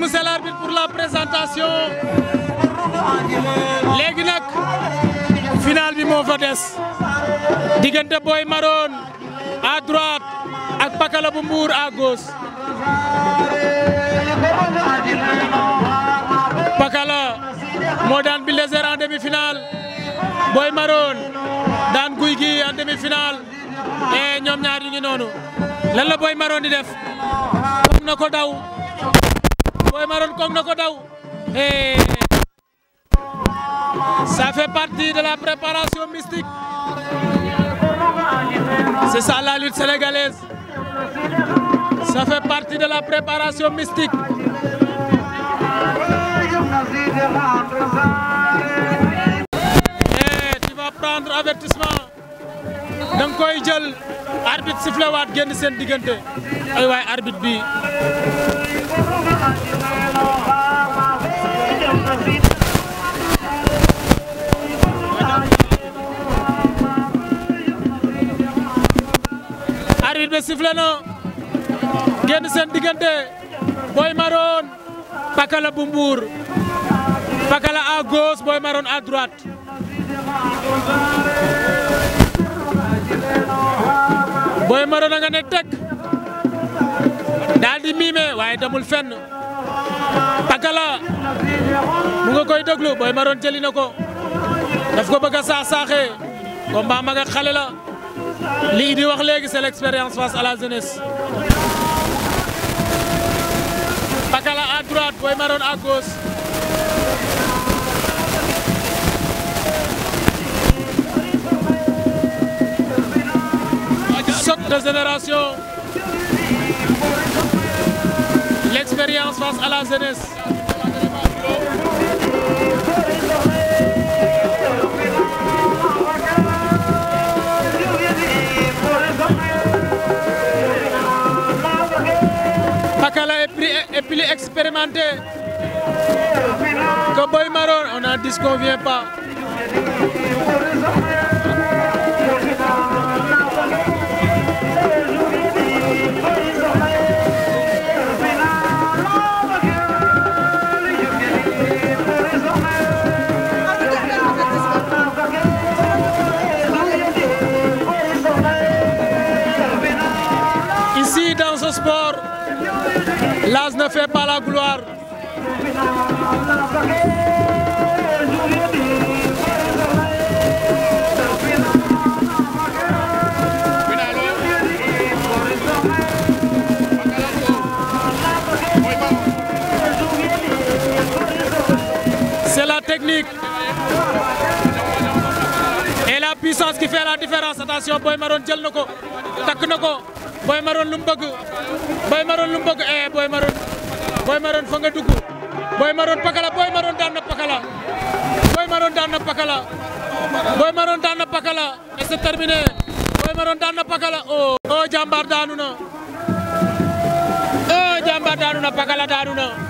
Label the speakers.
Speaker 1: monsieur l'arbitre pour léegi nag final bi moo fa des diggante Boy Maroon à droite ak Pakala bu Mbour à gauche Pakala moo daan Bulldozer en demi-finale Boy Maroon daan Gouye Gui en demi-finale et ñoom ñaar ñu noonu lan la Boy Maroon di na ko daw. Boy Maroon kong na ko daw hey. ça fait partie de la préparation mystique c'est ça la lutte sénégalaise ça fait partie de la préparation mystique hey, tu vas prendre avertissement da nga koy jël arbitre sifflé waat génn seen diggante ay waay arbitre bi bi sifflé na génn seen diggante Boy Maroon Pakala bu Mbour Pakala à gauche Boy Maroon à droite Boy Maroon a nga ne teg daal di miime waaye demul fenn Pakala mu nga koy déglu Boy Maroon jëli na ko daf ko bëgg saax saaxee combat ma nga xale la. lii di wax léegi c'est l'expérience face à Pakala à droite Maroon à gauche génération l'expérience face expérimenté que Boy Maroon on n'en disconvient pas L'as ne fait pas la gloire. C'est la technique et la puissance qui fait la différence attention Boy Maroon jël na ko takk na ko. Boy Maroon lu mu bëgg Boy Maroon lu mu bëgg eh Boy Maroon Boy Pakala Boy Maroon daan na Pakala Boy Maroon daan na Pakala Boy Maroon daan na Pakala et c'est terminé Boy Maroon daan Pakala oh oh jàmbaar daanu na oh jàmbaar Pakala daanu